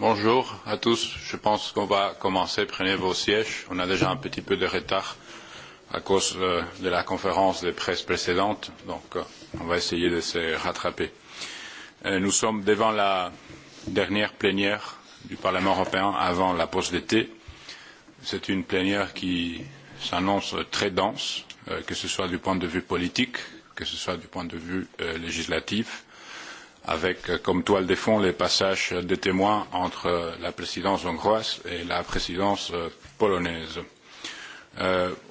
Bonjour à tous. Je pense qu'on va commencer. Prenez vos sièges. On a déjà un petit peu de retard à cause de la conférence de presse précédente. Donc, on va essayer de se rattraper. Nous sommes devant la dernière plénière du Parlement européen avant la pause d'été. C'est une plénière qui s'annonce très dense, que ce soit du point de vue politique, que ce soit du point de vue législatif avec comme toile de fond les passages de témoins entre la présidence hongroise et la présidence polonaise.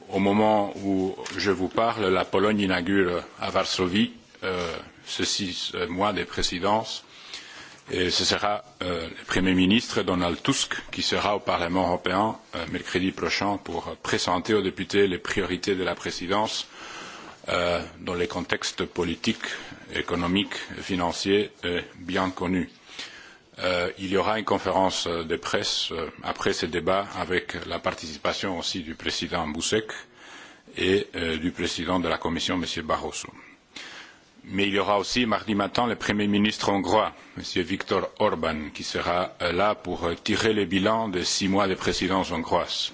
Au moment où je vous parle, la Pologne inaugure à Varsovie ces six mois de présidence et ce sera le Premier ministre Donald Tusk qui sera au Parlement européen mercredi prochain pour présenter aux députés les priorités de la présidence dans les contextes politiques, économiques, financiers bien connus. Il y aura une conférence de presse après ce débat avec la participation aussi du président Buzek et du président de la Commission, M. Barroso. Mais il y aura aussi mardi matin le Premier ministre hongrois, M. Viktor Orban, qui sera là pour tirer le bilan des six mois de présidence hongroise,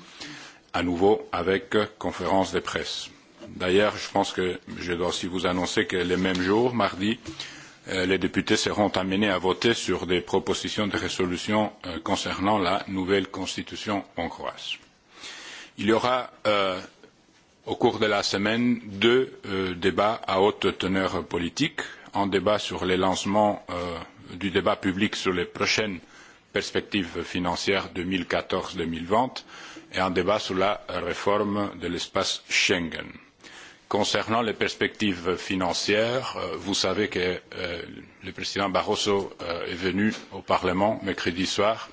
à nouveau avec conférence de presse. D'ailleurs, je pense que je dois aussi vous annoncer que le même jour, mardi, les députés seront amenés à voter sur des propositions de résolution concernant la nouvelle constitution hongroise. Il y aura au cours de la semaine deux débats à haute teneur politique, un débat sur le lancement du débat public sur les prochaines perspectives financières 2014-2020 et un débat sur la réforme de l'espace Schengen. Concernant les perspectives financières, vous savez que le président Barroso est venu au Parlement mercredi soir,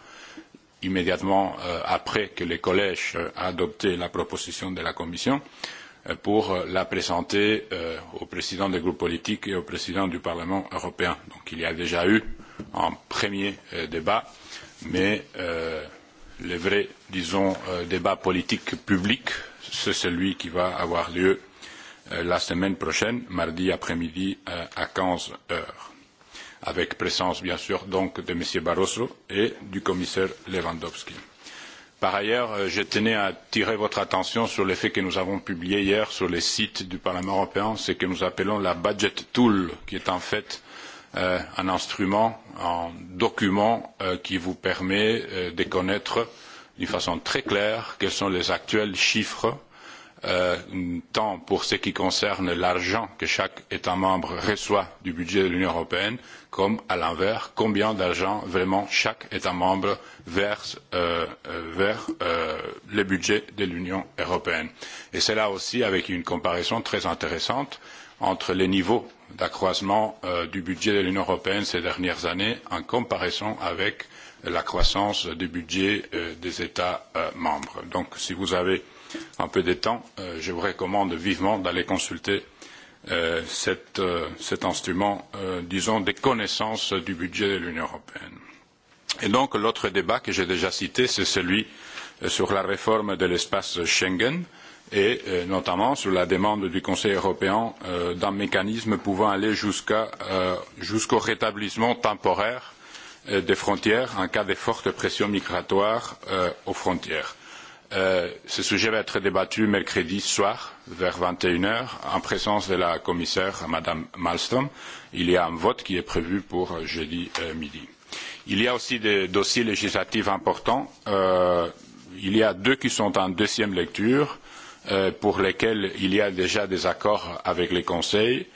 immédiatement après que le collège a adopté la proposition de la Commission, pour la présenter au président des groupes politiques et au président du Parlement européen. Donc il y a déjà eu un premier débat, mais le vrai, disons, débat politique public, c'est celui qui va avoir lieu la semaine prochaine, mardi après-midi à 15 heures, avec présence bien sûr donc de M. Barroso et du commissaire Lewandowski. Par ailleurs, je tenais à attirer votre attention sur l'effet que nous avons publié hier sur le site du Parlement européen ce que nous appelons la budget tool, qui est en fait un instrument, un document qui vous permet de connaître d'une façon très claire quels sont les actuels chiffres tant pour ce qui concerne l'argent que chaque État membre reçoit du budget de l'Union européenne, comme à l'inverse, combien d'argent vraiment chaque État membre verse vers le budget de l'Union européenne. Et c'est là aussi avec une comparaison très intéressante entre les niveaux d'accroissement du budget de l'Union européenne ces dernières années en comparaison avec la croissance du budget des États membres. Donc, si vous avez un peu de temps, je vous recommande vivement d'aller consulter cet instrument, disons, des connaissances du budget de l'Union européenne. Et donc, l'autre débat que j'ai déjà cité, c'est celui sur la réforme de l'espace Schengen et notamment sur la demande du Conseil européen d'un mécanisme pouvant aller jusqu'au rétablissement temporaire des frontières en cas de forte pression migratoire aux frontières. Ce sujet va être débattu mercredi soir vers 21h en présence de la commissaire Madame Malmström. Il y a un vote qui est prévu pour jeudi midi. Il y a aussi des dossiers législatifs importants. Il y a deux qui sont en deuxième lecture pour lesquels il y a déjà des accords avec les conseils.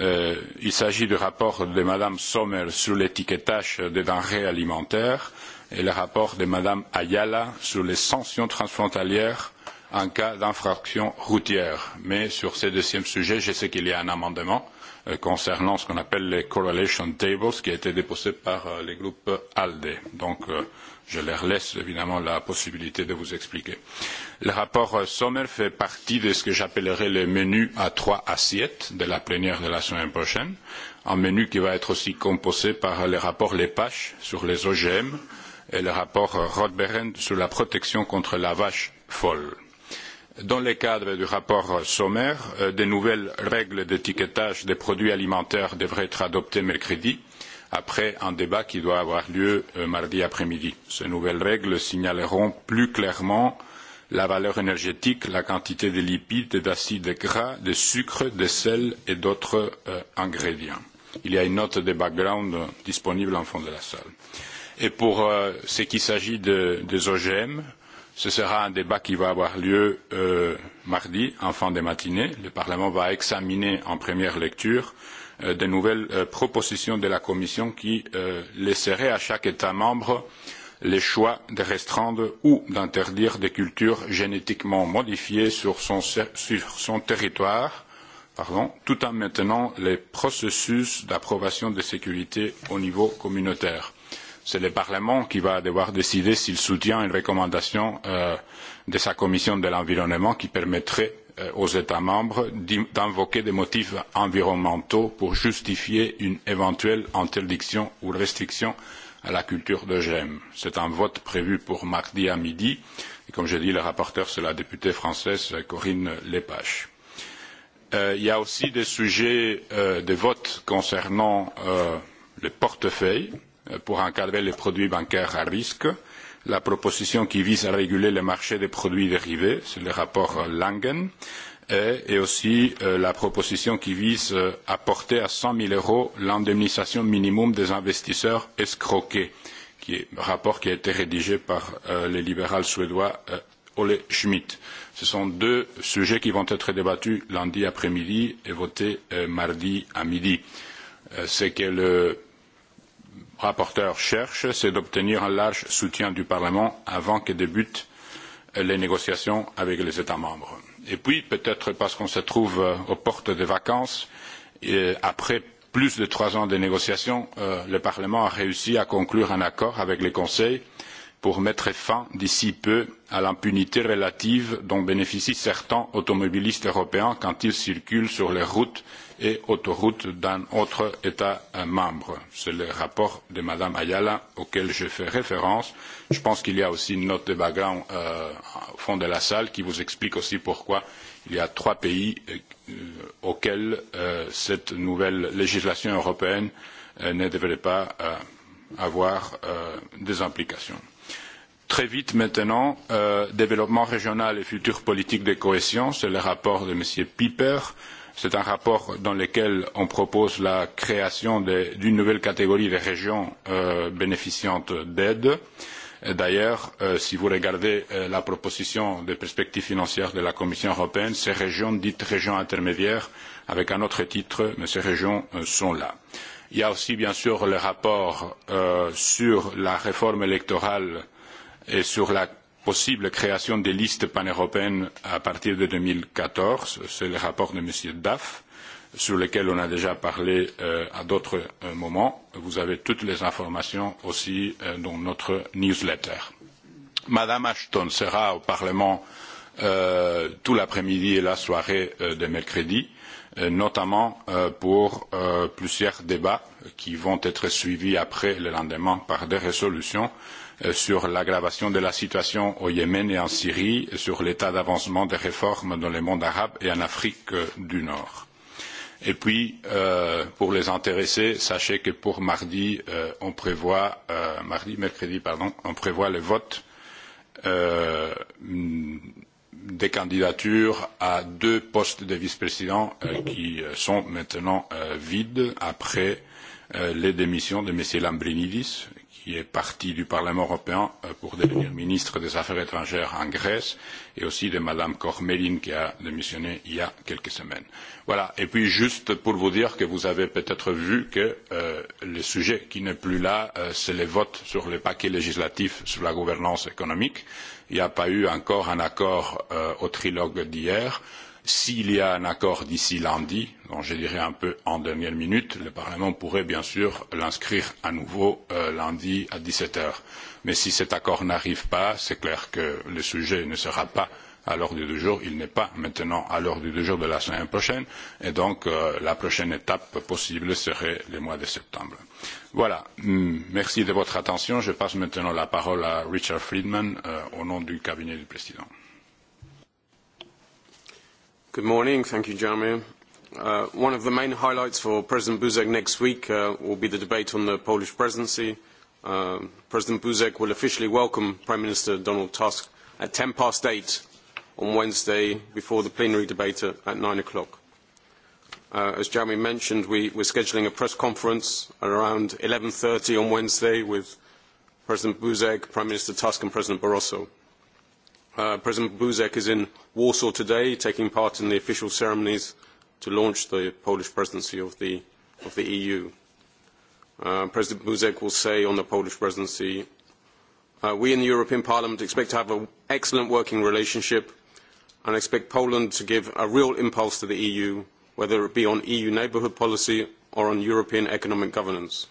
Il s'agit du rapport de Madame Sommer sur l'étiquetage des denrées alimentaires et le rapport de Mme Ayala sur les sanctions transfrontalières en cas d'infraction routière. Mais sur ce deuxième sujet, je sais qu'il y a un amendement concernant ce qu'on appelle les correlation tables qui a été déposé par le groupe ALDE. Donc, je leur laisse évidemment la possibilité de vous expliquer. Le rapport Sommer fait partie de ce que j'appellerai le menu à trois assiettes de la plénière de la semaine prochaine, un menu qui va être aussi composé par le rapport Lepage sur les OGM, et le rapport Roth-Behrendt sur la protection contre la vache folle. Dans le cadre du rapport sommaire, de nouvelles règles d'étiquetage des produits alimentaires devraient être adoptées mercredi, après un débat qui doit avoir lieu mardi après-midi. Ces nouvelles règles signaleront plus clairement la valeur énergétique, la quantité de lipides, d'acides gras, de sucre, de sel et d'autres ingrédients. Il y a une note de background disponible en fond de la salle. Et pour ce qui s'agit des OGM, ce sera un débat qui va avoir lieu mardi, en fin de matinée. Le Parlement va examiner en première lecture de nouvelles propositions de la Commission qui laisseraient à chaque État membre le choix de restreindre ou d'interdire des cultures génétiquement modifiées sur son territoire, tout en maintenant les processus d'approbation de sécurité au niveau communautaire. C'est le Parlement qui va devoir décider s'il soutient une recommandation de sa commission de l'environnement qui permettrait aux États membres d'invoquer des motifs environnementaux pour justifier une éventuelle interdiction ou restriction à la culture d'OGM. C'est un vote prévu pour mardi à midi. Et comme je l'ai dit, le rapporteur, c'est la députée française Corinne Lepage. Il y a aussi des sujets de vote concernant le portefeuille pour encadrer les produits bancaires à risque, la proposition qui vise à réguler le marché des produits dérivés, c'est le rapport Langen, et aussi la proposition qui vise à porter à 100 000 euros l'indemnisation minimum des investisseurs escroqués, qui est un rapport qui a été rédigé par le libéral suédois Ole Schmidt. Ce sont deux sujets qui vont être débattus lundi après-midi et votés mardi à midi. C'est que le rapporteur cherche, c'est d'obtenir un large soutien du Parlement avant que débutent les négociations avec les États membres. Et puis, peut-être parce qu'on se trouve aux portes des vacances, après plus de trois ans de négociations, le Parlement a réussi à conclure un accord avec le Conseil pour mettre fin d'ici peu à l'impunité relative dont bénéficient certains automobilistes européens quand ils circulent sur les routes et autoroutes d'un autre État membre. C'est le rapport de Mme Ayala auquel je fais référence. Je pense qu'il y a aussi une note de background au fond de la salle qui vous explique aussi pourquoi il y a trois pays auxquels cette nouvelle législation européenne ne devrait pas avoir des implications. Très vite maintenant, développement régional et future politique de cohésion, c'est le rapport de M. Pieper C'est un rapport dans lequel on propose la création d'une nouvelle catégorie de régions bénéficiantes d'aide. D'ailleurs, si vous regardez la proposition de perspectives financières de la Commission européenne, ces régions dites régions intermédiaires, avec un autre titre, mais ces régions sont là. Il y a aussi, bien sûr, le rapport sur la réforme électorale et sur la possible création des listes paneuropéennes à partir de 2014. C'est le rapport de M. Daff, sur lequel on a déjà parlé à d'autres moments. Vous avez toutes les informations aussi dans notre newsletter. Madame Ashton sera au Parlement tout l'après-midi et la soirée de mercredi, notamment pour plusieurs débats qui vont être suivis après le lendemain par des résolutions sur l'aggravation de la situation au Yémen et en Syrie, sur l'état d'avancement des réformes dans le monde arabe et en Afrique du Nord. Et puis, pour les intéressés, sachez que pour mardi, on prévoit, mardi, mercredi, pardon, on prévoit le vote des candidatures à deux postes de vice président qui sont maintenant vides après les démissions de M. Lambrinidis qui est parti du Parlement européen pour devenir ministre des Affaires étrangères en Grèce, et aussi de Mme Kormelin, qui a démissionné il y a quelques semaines. Voilà. Et puis, juste pour vous dire que vous avez peut-être vu que le sujet qui n'est plus là, c'est le vote sur le paquet législatif sur la gouvernance économique. Il n'y a pas eu encore un accord au trilogue d'hier S'il y a un accord d'ici lundi, donc je dirais un peu en dernière minute, le Parlement pourrait bien sûr l'inscrire à nouveau lundi à 17h. Mais si cet accord n'arrive pas, c'est clair que le sujet ne sera pas à l'ordre du jour. Il n'est pas maintenant à l'ordre du jour de la semaine prochaine. Et donc, la prochaine étape possible serait le mois de septembre. Voilà. Merci de votre attention. Je passe maintenant la parole à Richard Friedman au nom du cabinet du Président. Good morning. Thank you, Jeremy. One of the main highlights for President Buzek next week will be the debate on the Polish presidency. President Buzek will officially welcome Prime Minister Donald Tusk at 10 past 8 on Wednesday before the plenary debate at 9:00 o'clock. As Jeremy mentioned, we we're scheduling a press conference at around 11.30 on Wednesday with President Buzek, Prime Minister Tusk and President Barroso. President Buzek is in Warsaw today, taking part in the official ceremonies to launch the Polish presidency of the EU. President Buzek will say on the Polish presidency, we in the European Parliament expect to have an excellent working relationship and expect Poland to give a real impulse to the EU, whether it be on EU neighbourhood policy or on European economic governance.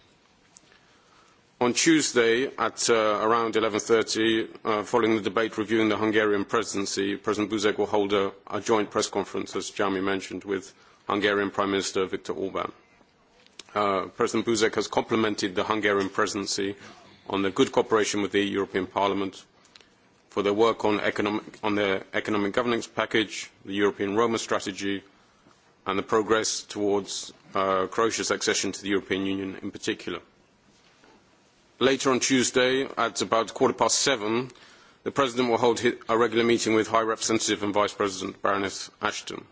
On Tuesday, at around 11.30, following the debate reviewing the Hungarian presidency, President Buzek will hold a joint press conference, as Jami mentioned, with Hungarian Prime Minister Viktor Orban. President Buzek has complimented the Hungarian presidency on their good cooperation with the European Parliament, for their work on the economic governance package, the European Roma strategy, and the progress towards Croatia's accession to the European Union in particular. Later on Tuesday, at about quarter past seven, the President will hold a regular meeting with High Representative and Vice President Baroness Ashton.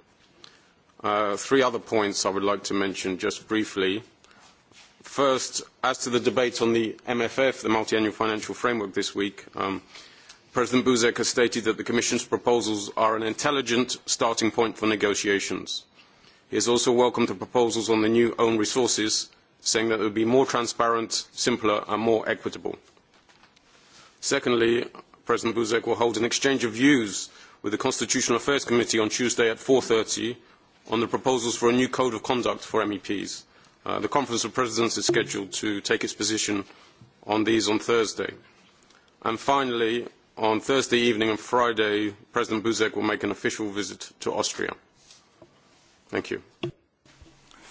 Three other points I would like to mention just briefly. First, as to the debate on the MFF, the Multiannual Financial Framework this week, President Buzek has stated that the Commission's proposals are an intelligent starting point for negotiations. He has also welcomed the proposals on the new own resources saying that it would be more transparent, simpler and more equitable. Secondly, President Buzek will hold an exchange of views with the Constitutional Affairs Committee on Tuesday at 4.30 on the proposals for a new code of conduct for MEPs. The Conference of Presidents is scheduled to take its position on these on Thursday. And finally, on Thursday evening and Friday, President Buzek will make an official visit to Austria. Thank you.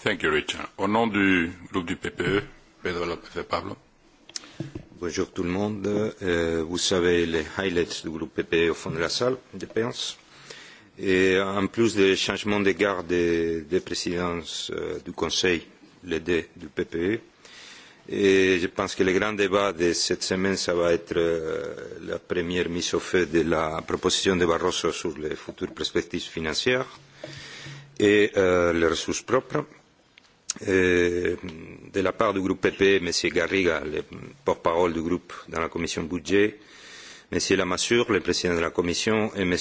Thank you, Richard. Au nom du groupe du PPE, Pedro López Pablo. Bonjour tout le monde. Vous savez les highlights du groupe PPE au fond de la salle, je pense. Et en plus des changements de garde des présidences du Conseil, les deux du PPE, et je pense que le grand débat de cette semaine, ça va être la première mise au fait de la proposition de Barroso sur les futures perspectives financières et les ressources propres de la part du groupe PP, m. garriga le porte parole du groupe dans la commission budget m. Lamassure, le président de la commission et m.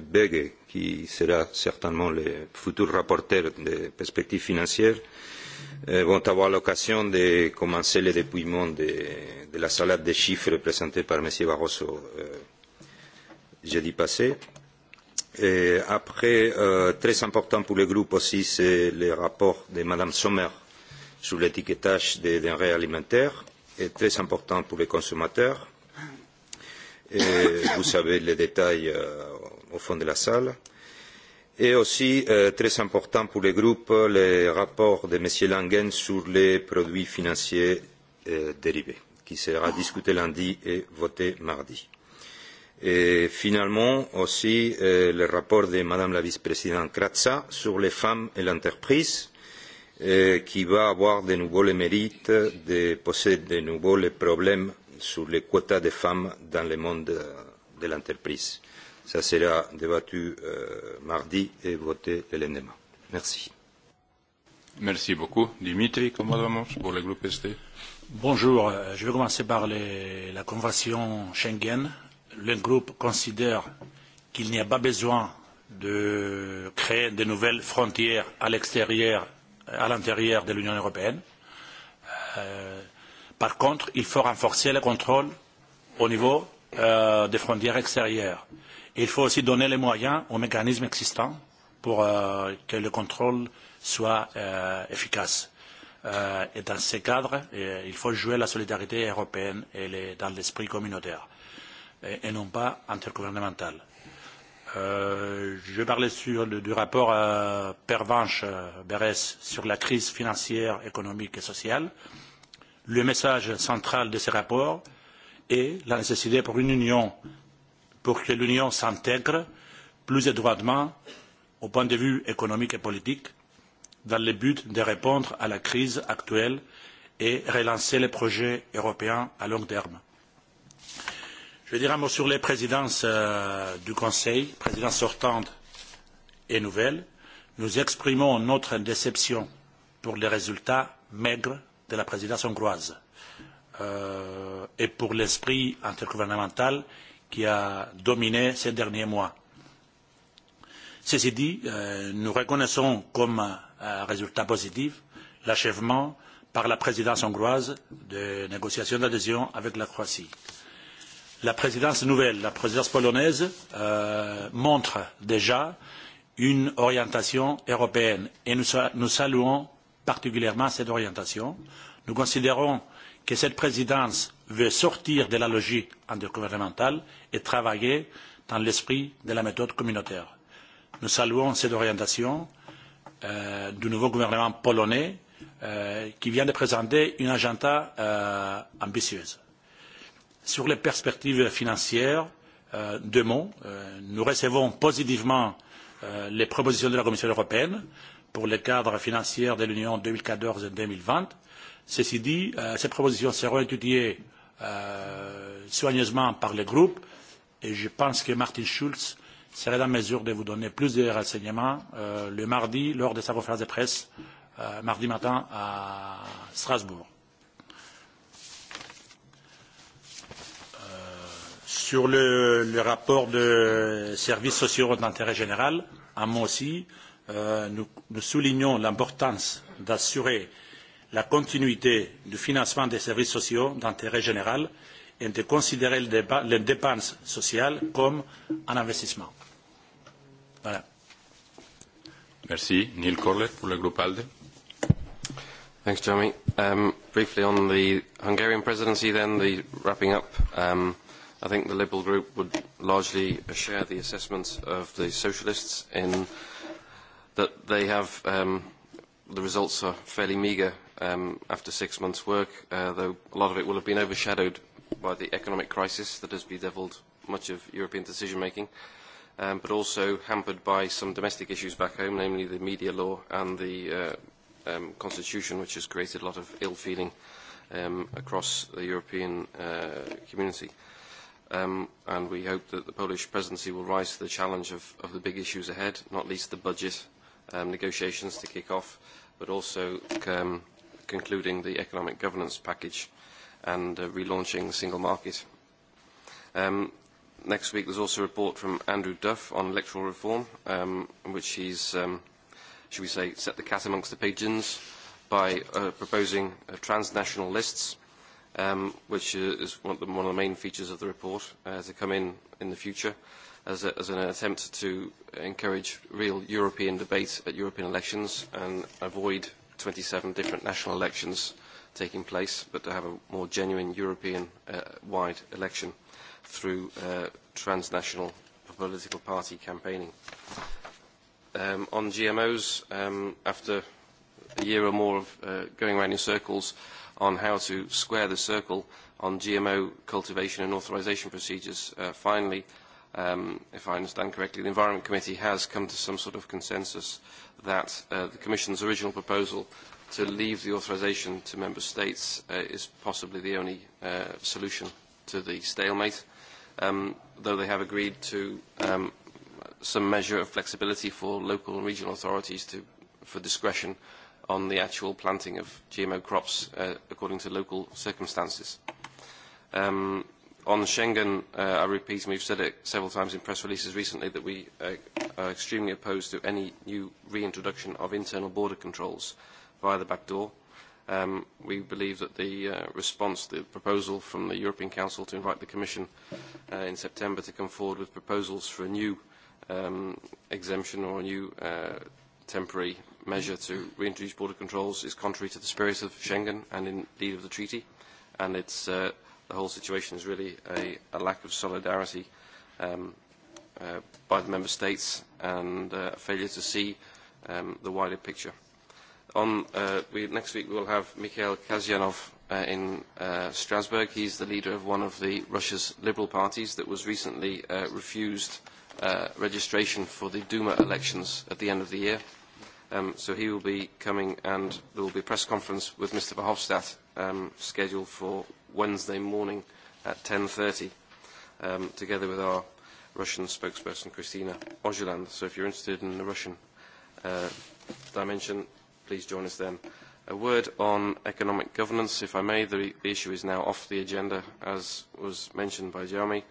bge qui sera certainement le futur rapporteur des perspectives financières vont avoir l'occasion de commencer le dépouillement de la salade des chiffres présentée par m. barroso jeudi passé. Après, très important pour le groupe aussi, c'est le rapport de Mme Sommer sur l'étiquetage des denrées alimentaires, et très important pour les consommateurs. Vous savez les détails au fond de la salle. Et aussi, très important pour le groupe, le rapport de M. Langen sur les produits financiers dérivés, qui sera discuté lundi et voté mardi. Et finalement aussi le rapport de Madame la vice-présidente Kratza sur les femmes et l'entreprise, qui va avoir de nouveau le mérite de poser de nouveau les problèmes sur les quotas de femmes dans le monde de l'entreprise. Ça sera débattu mardi et voté le lendemain. Merci. Merci beaucoup. Dimitri Komodamos pour le groupe ST. Bonjour. Je vais commencer par la Convention Schengen le groupe considère qu'il n'y a pas besoin de créer de nouvelles frontières à l'extérieur, à l'intérieur de l'Union européenne. Par contre, il faut renforcer le contrôle au niveau des frontières extérieures. Il faut aussi donner les moyens aux mécanismes existants pour que le contrôle soit efficace. Et dans ce cadre, il faut jouer la solidarité européenne et dans l'esprit communautaire et non pas intergouvernemental. Je parlais du rapport Pervenche Berès sur la crise financière, économique et sociale. Le message central de ce rapport est la nécessité pour une union, pour que l'Union s'intègre plus étroitement au point de vue économique et politique, dans le but de répondre à la crise actuelle et relancer les projets européens à long terme. Je vais dire un mot sur les présidences du Conseil, présidence sortante et nouvelle. Nous exprimons notre déception pour les résultats maigres de la présidence hongroise et pour l'esprit intergouvernemental qui a dominé ces derniers mois. Ceci dit, nous reconnaissons comme un résultat positif l'achèvement par la présidence hongroise des négociations d'adhésion avec la Croatie. La présidence nouvelle, la présidence polonaise, montre déjà une orientation européenne et nous saluons particulièrement cette orientation. Nous considérons que cette présidence veut sortir de la logique intergouvernementale et travailler dans l'esprit de la méthode communautaire. Nous saluons cette orientation du nouveau gouvernement polonais qui vient de présenter une agenda ambitieuse. Sur les perspectives financières, de demain, nous recevons positivement les propositions de la Commission européenne pour le cadre financier de l'Union 2014-2020. Ceci dit, ces propositions seront étudiées soigneusement par le groupe et je pense que Martin Schulz serait en mesure de vous donner plus de renseignements le mardi lors de sa conférence de presse, mardi matin à Strasbourg. sur le rapport de services sociaux d'intérêt général, à moi aussi, nous soulignons l'importance d'assurer la continuité du financement des services sociaux d'intérêt général et de considérer les dépenses sociales comme un investissement. Voilà. Merci. Neil Corlett pour le groupe ALDE. Thanks, Jeremy. Briefly on the Hungarian presidency, then the wrapping up. I think the Liberal Group would largely share the assessment of the Socialists in that they have the results are fairly meagre after six months' work, though a lot of it will have been overshadowed by the economic crisis that has bedeviled much of European decision-making, but also hampered by some domestic issues back home, namely the media law and the constitution, which has created a lot of ill-feeling across the European community and we hope that the Polish presidency will rise to the challenge of the big issues ahead, not least the budget negotiations to kick off, but also concluding the economic governance package and relaunching the single market. Next week there's also a report from Andrew Duff on electoral reform, in which he's, should we say, set the cat amongst the pigeons by proposing transnational lists um which is one of the main features of the report to come in in the future as an attempt to encourage real European debate at European elections and avoid 27 different national elections taking place, but to have a more genuine European-wide election through transnational political party campaigning. On GMOs, after a year or more of going around in circles, on how to square the circle on GMO cultivation and authorisation procedures. Finally, if I understand correctly, the Environment Committee has come to some sort of consensus that the Commission's original proposal to leave the authorisation to Member States is possibly the only solution to the stalemate, though they have agreed to some measure of flexibility for local and regional authorities for discretion on the actual planting of GMO crops according to local circumstances. On Schengen, I repeat, and we've said it several times in press releases recently, that we are extremely opposed to any new reintroduction of internal border controls via the back door. We believe that the response, the proposal from the European Council to invite the Commission in September to come forward with proposals for a new exemption or a new temporary measure to reintroduce border controls is contrary to the spirit of Schengen and indeed of the treaty, and it's, the whole situation is really a, lack of solidarity by the member states and a failure to see the wider picture. On, we, next week we will have Mikhail Kazyanov in Strasbourg. He's the leader of one of the Russia's liberal parties that was recently refused registration for the Duma elections at the end of the year So he will be coming and there will be a press conference with Mr. Verhofstadt scheduled for Wednesday morning at 10.30 together with our Russian spokesperson, Christina Ozuland. So if you're interested in the Russian dimension, please join us then. A word on economic governance, if I may. The issue is now off the agenda, as was mentioned by Jeremy.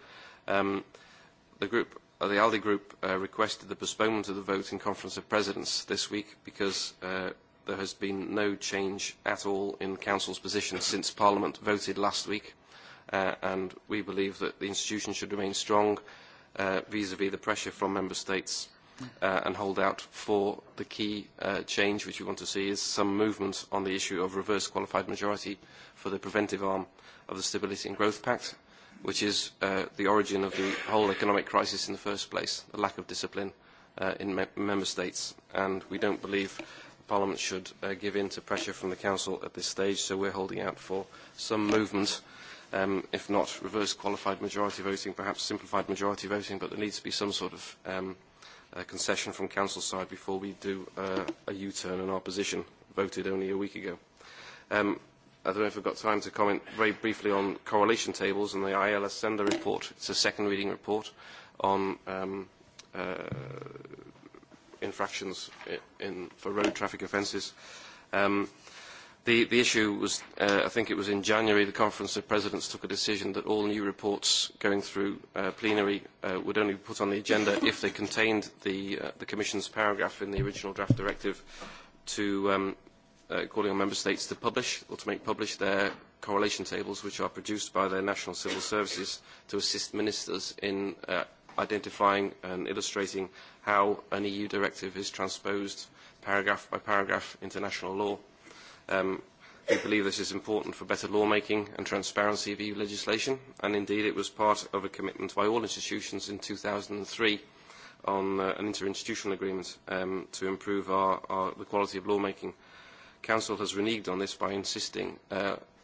The group the ALDE group requested the postponement of the vote in Conference of Presidents this week because there has been no change at all in Council's position since Parliament voted last week, and we believe that the institution should remain strong vis-à-vis the pressure from Member States and hold out for the key change which we want to see is some movement on the issue of reverse qualified majority for the preventive arm of the Stability and Growth Pact which is the origin of the whole economic crisis in the first place, the lack of discipline in member states. And we don't believe Parliament should give in to pressure from the Council at this stage, so we're holding out for some movement, if not reverse qualified majority voting, perhaps simplified majority voting, but there needs to be some sort of concession from Council side before we do a U-turn in our position, voted only a week ago. I don't know if we've got time to comment very briefly on correlation tables and the ILS Sender report. It's a second reading report on infractions for road traffic offences. The issue was, I think it was in January, the Conference of Presidents took a decision that all new reports going through plenary would only be put on the agenda if they contained the Commission's paragraph in the original draft directive to calling on member states to publish or to make publish their correlation tables which are produced by their national civil services to assist ministers in identifying and illustrating how an EU directive is transposed paragraph by paragraph into national law. We believe this is important for better lawmaking and transparency of EU legislation and indeed it was part of a commitment by all institutions in 2003 on an interinstitutional agreement to improve the quality of lawmaking Council has reneged on this by insisting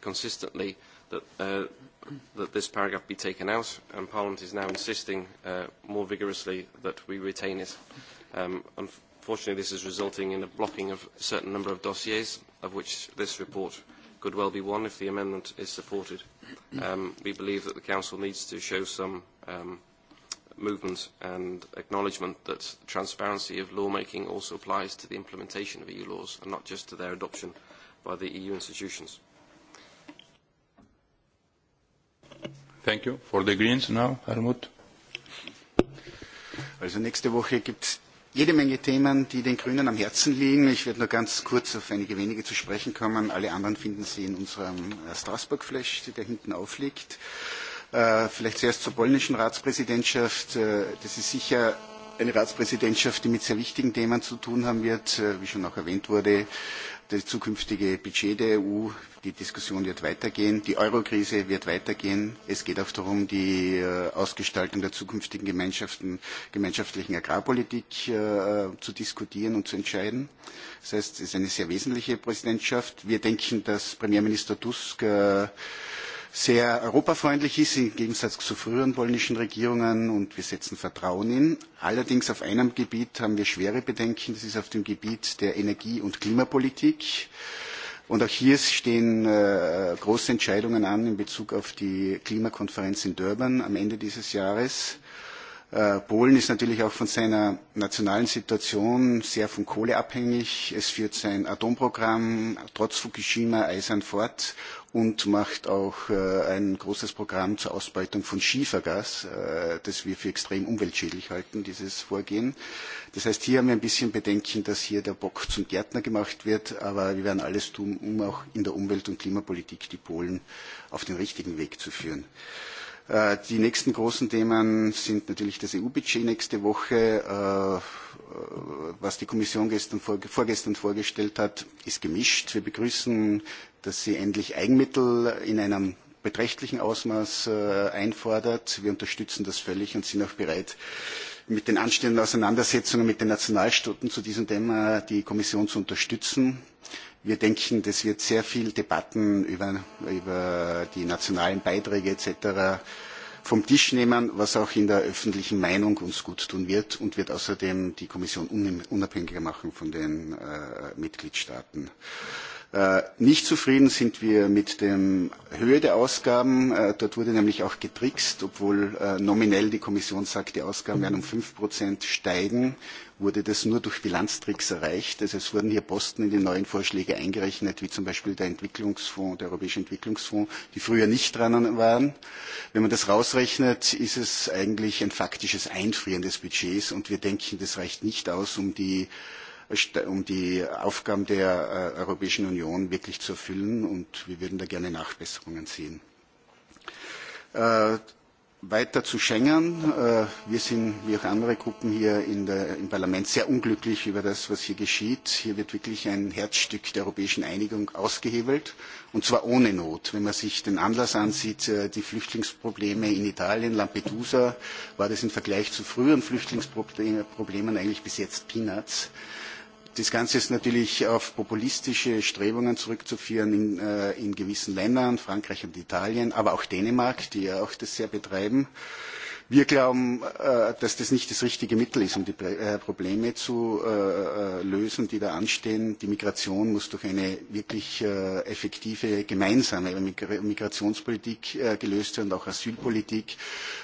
consistently that this paragraph be taken out, and Parliament is now insisting more vigorously that we retain it. Unfortunately, this is resulting in a blocking of a certain number of dossiers, of which this report could well be one if the amendment is supported. We believe that the Council needs to show some movement and acknowledgement that transparency of lawmaking also applies to the implementation of EU laws and not just to their adoption by the EU institutions. Thank you. For the Greens now, Helmut. Also nächste Woche gibt es jede Menge Themen, die den Grünen am Herzen liegen. Ich werde nur ganz kurz auf einige wenige zu sprechen kommen. Alle anderen finden Sie in unserem Straßburg-Flash, der hinten aufliegt. Vielleicht zuerst zur polnischen Ratspräsidentschaft. Das ist sicher eine Ratspräsidentschaft, die mit sehr wichtigen Themen zu tun haben wird, wie schon auch erwähnt wurde. Das zukünftige Budget der EU, die Diskussion wird weitergehen, die Eurokrise wird weitergehen. Es geht auch darum, die Ausgestaltung der zukünftigen gemeinschaftlichen Agrarpolitik zu diskutieren und zu entscheiden. Das heißt, es ist eine sehr wesentliche Präsidentschaft. Wir denken, dass Premierminister Tusk sehr europafreundlich ist, im Gegensatz zu früheren polnischen Regierungen, und wir setzen Vertrauen in. Allerdings auf einem Gebiet haben wir schwere Bedenken, das ist auf dem Gebiet der Energie- und Klimapolitik. Und auch hier stehen große Entscheidungen an in Bezug auf die Klimakonferenz in Durban am Ende dieses Jahres. Polen ist natürlich auch von seiner nationalen Situation sehr von Kohle abhängig. Es führt sein Atomprogramm trotz Fukushima eisern fort und macht auch ein großes Programm zur Ausbeutung von Schiefergas, das wir für extrem umweltschädlich halten, dieses Vorgehen. Das heißt, hier haben wir ein bisschen Bedenken, dass hier der Bock zum Gärtner gemacht wird, aber wir werden alles tun, um auch in der Umwelt- und Klimapolitik die Polen auf den richtigen Weg zu führen. Die nächsten großen Themen sind natürlich das EU-Budget nächste Woche. Was die Kommission vorgestern vorgestellt hat, ist gemischt. Wir begrüßen, dass sie endlich Eigenmittel in einem beträchtlichen Ausmaß einfordert. Wir unterstützen das völlig und sind auch bereit, mit den anstehenden Auseinandersetzungen mit den Nationalstaaten zu diesem Thema die Kommission zu unterstützen. Wir denken, das wird sehr viele Debatten über die nationalen Beiträge etc. vom Tisch nehmen, was auch in der öffentlichen Meinung uns gut tun wird und wird außerdem die Kommission unabhängiger machen von den Mitgliedstaaten. Nicht zufrieden sind wir mit der Höhe der Ausgaben. Dort wurde nämlich auch getrickst, obwohl nominell die Kommission sagt, die Ausgaben werden um 5% steigen, wurde das nur durch Bilanztricks erreicht. Also es wurden hier Posten in die neuen Vorschläge eingerechnet, wie zum Beispiel der Entwicklungsfonds, der Europäische Entwicklungsfonds, die früher nicht dran waren. Wenn man das rausrechnet, ist es eigentlich ein faktisches Einfrieren des Budgets und wir denken, das reicht nicht aus, um die um die Aufgaben der Europäischen Union wirklich zu erfüllen. Und wir würden da gerne Nachbesserungen sehen. Weiter zu Schengen. Wir sind, wie auch andere Gruppen hier im Parlament, sehr unglücklich über das, was hier geschieht. Hier wird wirklich ein Herzstück der europäischen Einigung ausgehebelt, und zwar ohne Not. Wenn man sich den Anlass ansieht, die Flüchtlingsprobleme in Italien, Lampedusa, war das im Vergleich zu früheren Flüchtlingsproblemen eigentlich bis jetzt Peanuts. Das Ganze ist natürlich auf populistische Strebungen zurückzuführen in gewissen Ländern, Frankreich und Italien, aber auch Dänemark, die ja auch das sehr betreiben. Wir glauben, dass das nicht das richtige Mittel ist, um die Probleme zu lösen, die da anstehen. Die Migration muss durch eine wirklich effektive gemeinsame Migrationspolitik gelöst werden, auch Asylpolitik.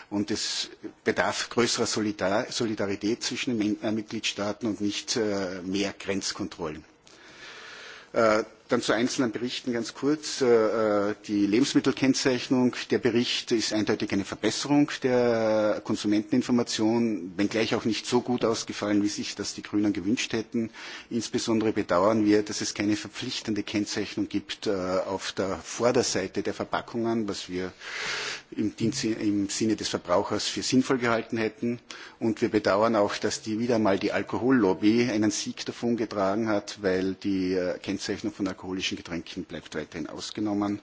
Und es bedarf größerer Solidarität zwischen den Mitgliedstaaten und nicht mehr Grenzkontrollen. Dann zu einzelnen Berichten ganz kurz. Die Lebensmittelkennzeichnung, der Bericht ist eindeutig eine Verbesserung der Konsumenteninformation, wenngleich auch nicht so gut ausgefallen, wie sich das die Grünen gewünscht hätten. Insbesondere bedauern wir, dass es keine verpflichtende Kennzeichnung gibt auf der Vorderseite der Verpackungen, was wir im Sinne des Verbrauchers für sinnvoll gehalten hätten. Und wir bedauern auch, dass wieder mal die Alkohollobby einen Sieg davon getragen hat, weil die Kennzeichnung alkoholischen Getränken bleibt weiterhin ausgenommen.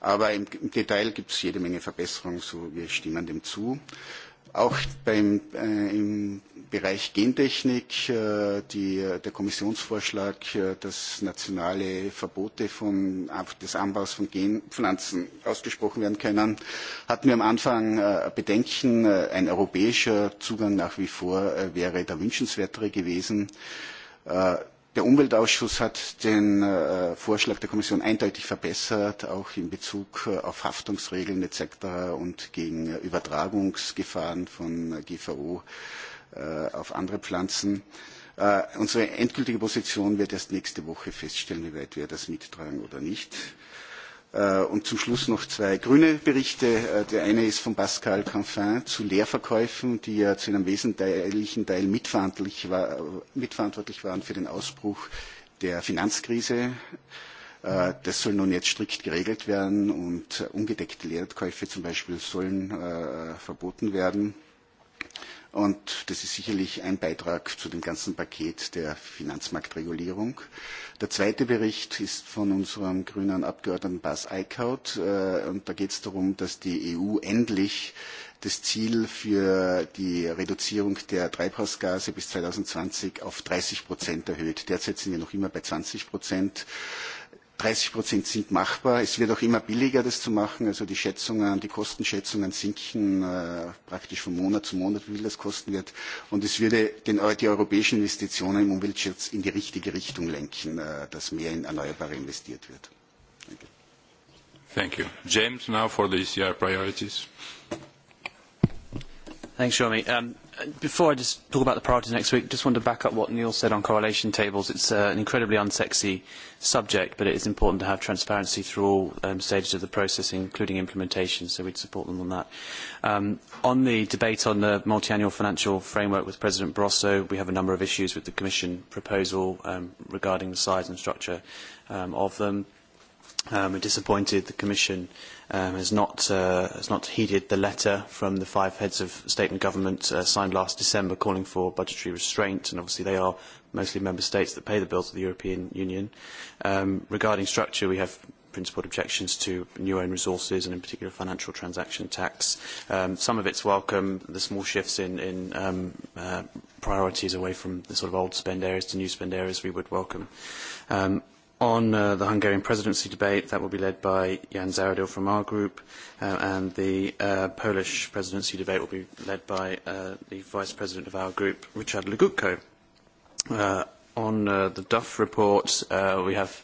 Aber im Detail gibt es jede Menge Verbesserungen, so wir stimmen dem zu. Auch im Bereich Gentechnik der Kommissionsvorschlag, dass nationale Verbote des Anbaus von Genpflanzen ausgesprochen werden können, hatten wir am Anfang Bedenken. Ein europäischer Zugang nach wie vor wäre der wünschenswertere gewesen. Der Umweltausschuss hat den Vorschlag der Kommission eindeutig verbessert, auch in Bezug auf Haftungsregeln etc. und gegen Übertragungsgefahren von GVO auf andere Pflanzen. Unsere endgültige Position wird erst nächste Woche feststellen, wie weit wir das mittragen oder nicht. Und zum Schluss noch zwei grüne Berichte. Der eine ist von Pascal Canfin zu Leerverkäufen, die ja zu einem wesentlichen Teil mitverantwortlich waren für den Ausbruch der Finanzkrise. Das soll nun jetzt strikt geregelt werden und ungedeckte Leerkäufe zum Beispiel sollen verboten werden. Und das ist sicherlich ein Beitrag zu dem ganzen Paket der Finanzmarktregulierung. Der zweite Bericht ist von unserem grünen Abgeordneten Bas Eickhout. Und da geht es darum, dass die EU endlich das Ziel für die Reduzierung der Treibhausgase bis 2020 auf 30 erhöht. Derzeit sind wir noch immer bei 20 30 sind machbar. Es wird auch immer billiger, das zu machen. Also die Schätzungen, die Kostenschätzungen sinken praktisch von Monat zu Monat, wie viel das kosten wird. Und es würde die europäischen Investitionen im Umweltschutz in die richtige Richtung lenken, dass mehr in Erneuerbare investiert wird. Thank you. James, now for the ECR priorities. Thanks, Shomi. Before I just talk about the priorities next week, I just want to back up what Neil said on correlation tables. It's an incredibly unsexy subject, but it is important to have transparency through all stages of the process, including implementation, so we'd support them on that. On the debate on the multi-annual financial framework with President Barroso, we have a number of issues with the Commission proposal regarding the size and structure of them. We're disappointed the Commission has not heeded the letter from the five heads of state and government signed last December calling for budgetary restraint, and obviously they are mostly member states that pay the bills of the European Union. Regarding structure, we have principled objections to new own resources and in particular financial transaction tax. Some of it's welcome, the small shifts in priorities away from the sort of old spend areas to new spend areas we would welcome on the Hungarian presidency debate. That will be led by Jan Zaradil from our group, and the Polish presidency debate will be led by the vice president of our group, Richard Legutko. On the Duff report, we have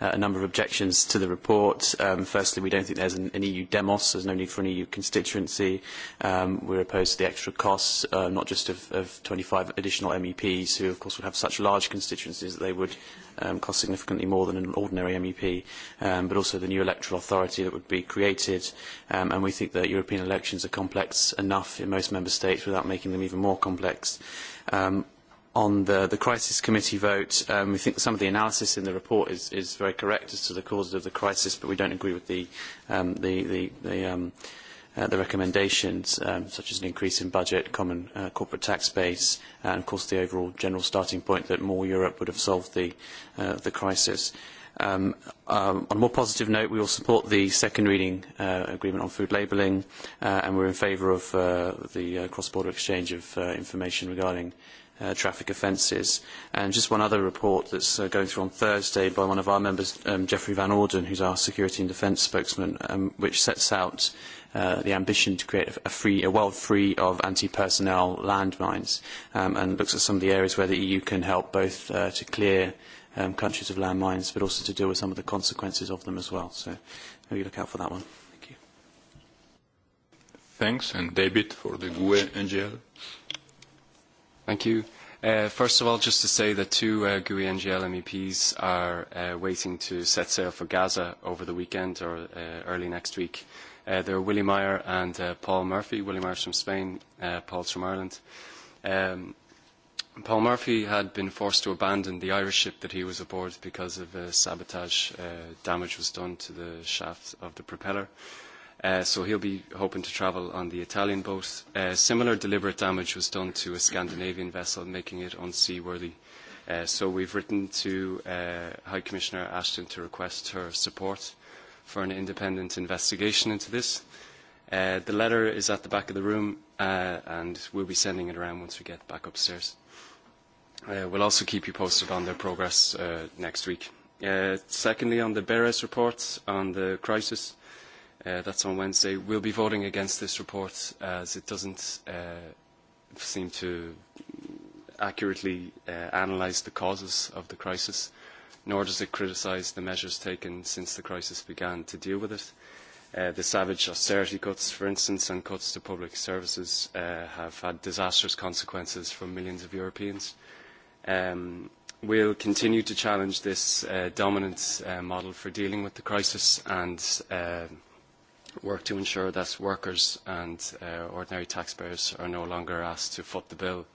a number of objections to the report. Firstly, we don't think there's an EU demos. There's no need for an EU constituency. We're opposed to the extra costs, not just of 25 additional MEPs, who, of course, would have such large constituencies that they would cost significantly more than an ordinary MEP, but also the new electoral authority that would be created. And we think that European elections are complex enough in most member states without making them even more complex on the crisis committee vote. We think some of the analysis in the report is very correct as to the causes of the crisis, but we don't agree with the recommendations, such as an increase in budget, common corporate tax base, and, of course, the overall general starting point that more Europe would have solved the crisis. On a more positive note, we will support the second reading agreement on food labelling, and we're in favour of the cross-border exchange of information regarding traffic offences. And just one other report that's going through on Thursday by one of our members, Jeffrey Van Orden, who's our Security and Defence spokesman, which sets out the ambition to create a free, a world free of anti-personnel landmines, and looks at some of the areas where the EU can help both to clear countries of landmines, but also to deal with some of the consequences of them as well. So maybe look out for that one. Thank you. Thanks, and David for the GUE NGL. Thank you. First of all, just to say that two GUI NGL MEPs are waiting to set sail for Gaza over the weekend or early next week. are Willie Meyer and Paul Murphy. Willie Meyer's from Spain, Paul's from Ireland. Paul Murphy had been forced to abandon the Irish ship that he was aboard because of sabotage. Damage was done to the shaft of the propeller so he'll be hoping to travel on the Italian boat. Similar deliberate damage was done to a Scandinavian vessel, making it unseaworthy. So we've written to High Commissioner Ashton to request her support for an independent investigation into this. The letter is at the back of the room, and we'll be sending it around once we get back upstairs. We'll also keep you posted on their progress next week. Secondly, on the Beres report on the crisis, That's on Wednesday. We'll be voting against this report as it doesn't seem to accurately analyse the causes of the crisis, nor does it criticise the measures taken since the crisis began to deal with it. The savage austerity cuts, for instance, and cuts to public services have had disastrous consequences for millions of Europeans. We'll continue to challenge this dominant model for dealing with the crisis and work to ensure that workers and ordinary taxpayers are no longer asked to foot the bill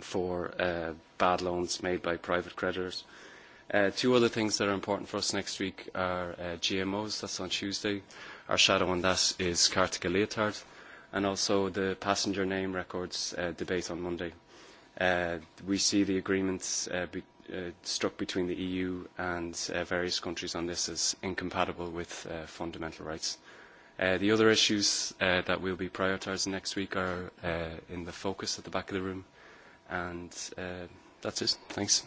for bad loans made by private creditors. Two other things that are important for us next week are GMOs, that's on Tuesday. Our shadow on that is Kartika Leotard, and also the passenger name records debate on Monday. We see the agreements struck between the EU and various countries on this as incompatible with fundamental rights. The other issues that will be prioritising next week are in the focus at the back of the room. And that's it. Thanks.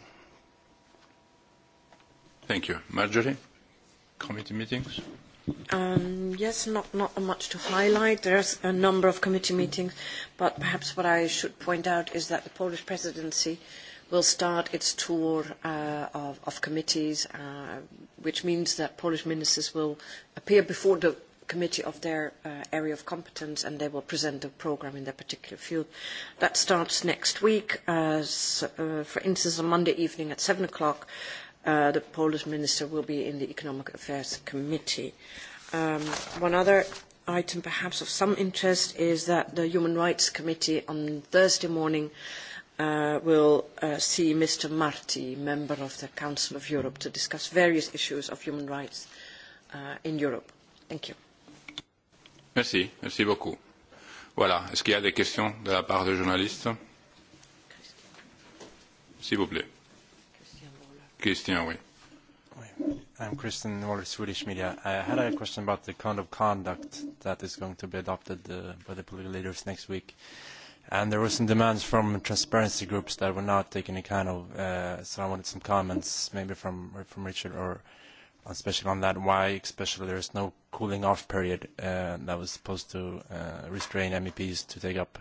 Thank you. Marjorie, committee meetings? Yes, not not much to highlight. There's a number of committee meetings, but perhaps what I should point out is that the Polish presidency will start its tour of committees, which means that Polish ministers will appear before the committee of their area of competence and they will present a programme in their particular field. That starts next week. For instance, on Monday evening at 7 o'clock, the Polish minister will be in the Economic Affairs Committee. One other item perhaps of some interest is that the Human Rights Committee on Thursday morning will see Mr. Marti, member of the Council of Europe, to discuss various issues of human rights in Europe. Thank you. Merci, merci beaucoup. Voilà, est-ce qu'il y a des questions de la part des journalistes S'il vous plaît. Christian, oui. I'm Christian Waller, Swedish media. I had a question about the code of conduct that is going to be adopted by the political leaders next week and there were some demands from transparency groups that were not taken account of. So I wanted some comments, maybe from from Richard or especially on that, why especially there is no cooling off period that was supposed to restrain MEPs to take up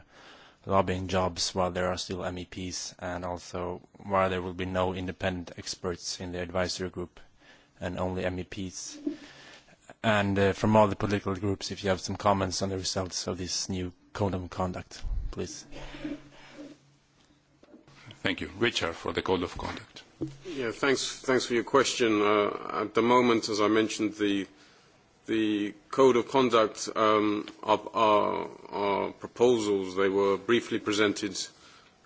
lobbying jobs while there are still MEPs, and also why there will be no independent experts in the advisory group and only MEPs. And from all the political groups, if you have some comments on the results of this new code of conduct please. Thank you. Richard, for the code of conduct. Yeah, thanks. Thanks for your question. At the moment, as I mentioned, the the code of conduct of our proposals. They were briefly presented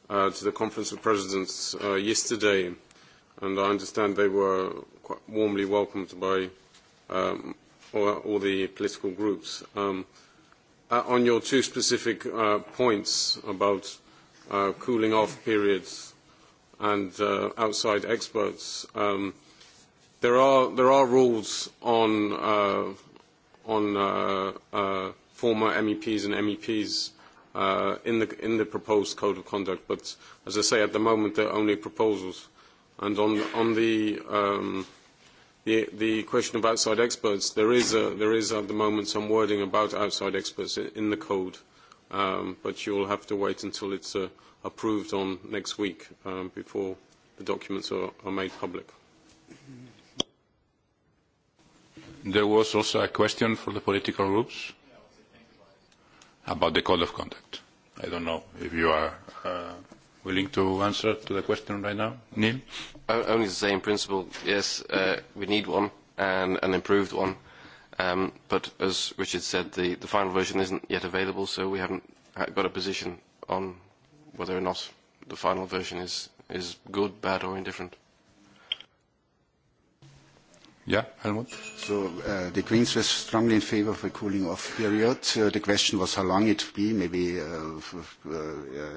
to the Conference of Presidents yesterday, and I understand they were quite warmly welcomed by all the political groups on your two specific points about cooling off periods and outside experts, there are rules on former MEPs and MEPs in the proposed code of conduct, but as I say, at the moment they're only proposals. And on the The question of outside experts, there is at the moment some wording about outside experts in the code, but you will have to wait until it's approved on next week before the documents are made public. There was also a question for the political groups about the code of conduct. I don't know if you are willing to answer to the question right now? Neil? Only the same principle. Yes, we need one, and an improved one. But as Richard said, the final version isn't yet available, so we haven't got a position on whether or not the final version is good, bad, or indifferent. Yeah, Helmut. So the Greens were strongly in favor of a cooling-off period. The question was how long it would be. Maybe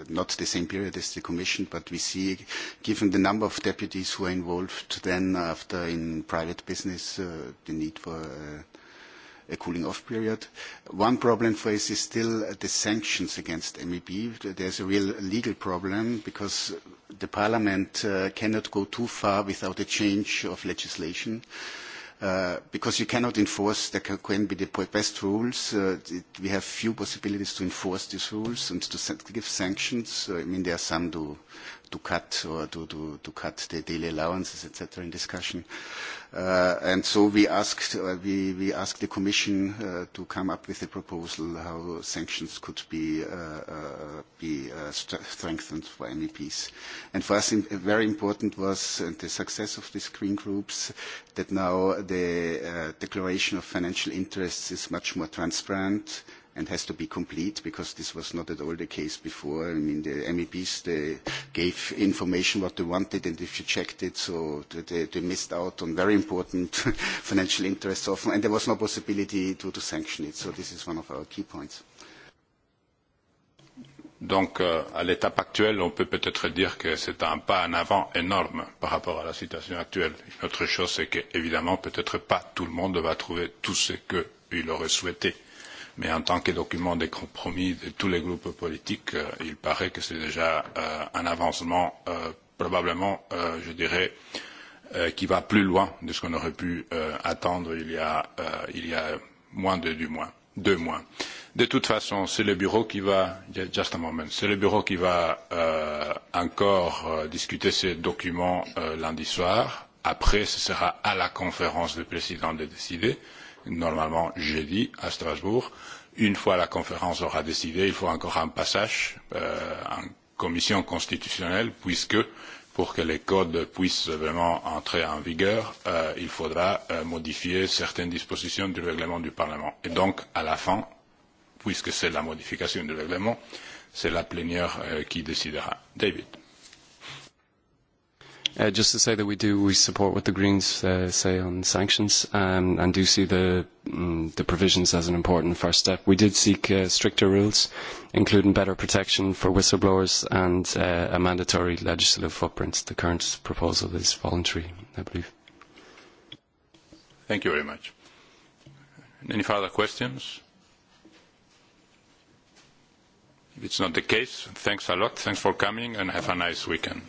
not the same period as the Commission, but we see, given the number of deputies who are involved, then after in private business, the need for a cooling-off period. One problem for us is still the sanctions against MEB. There's a real legal problem because the Parliament cannot go too far without a change of legislation because you cannot enforce, the can be the best rules. We have few possibilities to enforce these rules and to give sanctions. I mean, there are some to to cut or to cut the daily allowances, etc., in discussion. And so we asked the Commission to come up with a proposal how sanctions could be strengthened for MEPs. And for us, very important was the success of these green groups, that now the declaration of financial interests is much more transparent and has to be complete because this was not at all the case before. I mean, the MEPs, they gave information what they wanted and if you checked it, so they missed out on very important financial interests often and there was no possibility to to sanction it. So this is one of our key points. Donc, à l'étape actuelle, on peut peut-être dire que c'est un pas en avant énorme par rapport à la situation actuelle. Une autre chose, c'est qu'évidemment, peut-être pas tout le monde va trouver tout ce qu'il aurait souhaité mais en tant que document de compromis de tous les groupes politiques, il paraît que c'est déjà un avancement probablement, je dirais, qui va plus loin de ce qu'on aurait pu attendre il y a moins de deux mois. De toute façon, c'est le bureau qui va just a moment c'est le bureau qui va encore discuter ces documents lundi soir. Après, ce sera à la conférence des présidents de décider normalement jeudi à Strasbourg. Une fois la conférence aura décidé, il faut encore un passage en commission constitutionnelle, puisque pour que les codes puissent vraiment entrer en vigueur, il faudra modifier certaines dispositions du règlement du Parlement. Et donc, à la fin, puisque c'est la modification du règlement, c'est la plénière qui décidera. David. Just to say that we do, we support what the Greens say on sanctions and do see the provisions as an important first step. We did seek stricter rules, including better protection for whistleblowers and a mandatory legislative footprint. The current proposal is voluntary, I believe. Thank you very much. Any further questions? If it's not the case, thanks a lot. Thanks for coming and have a nice weekend.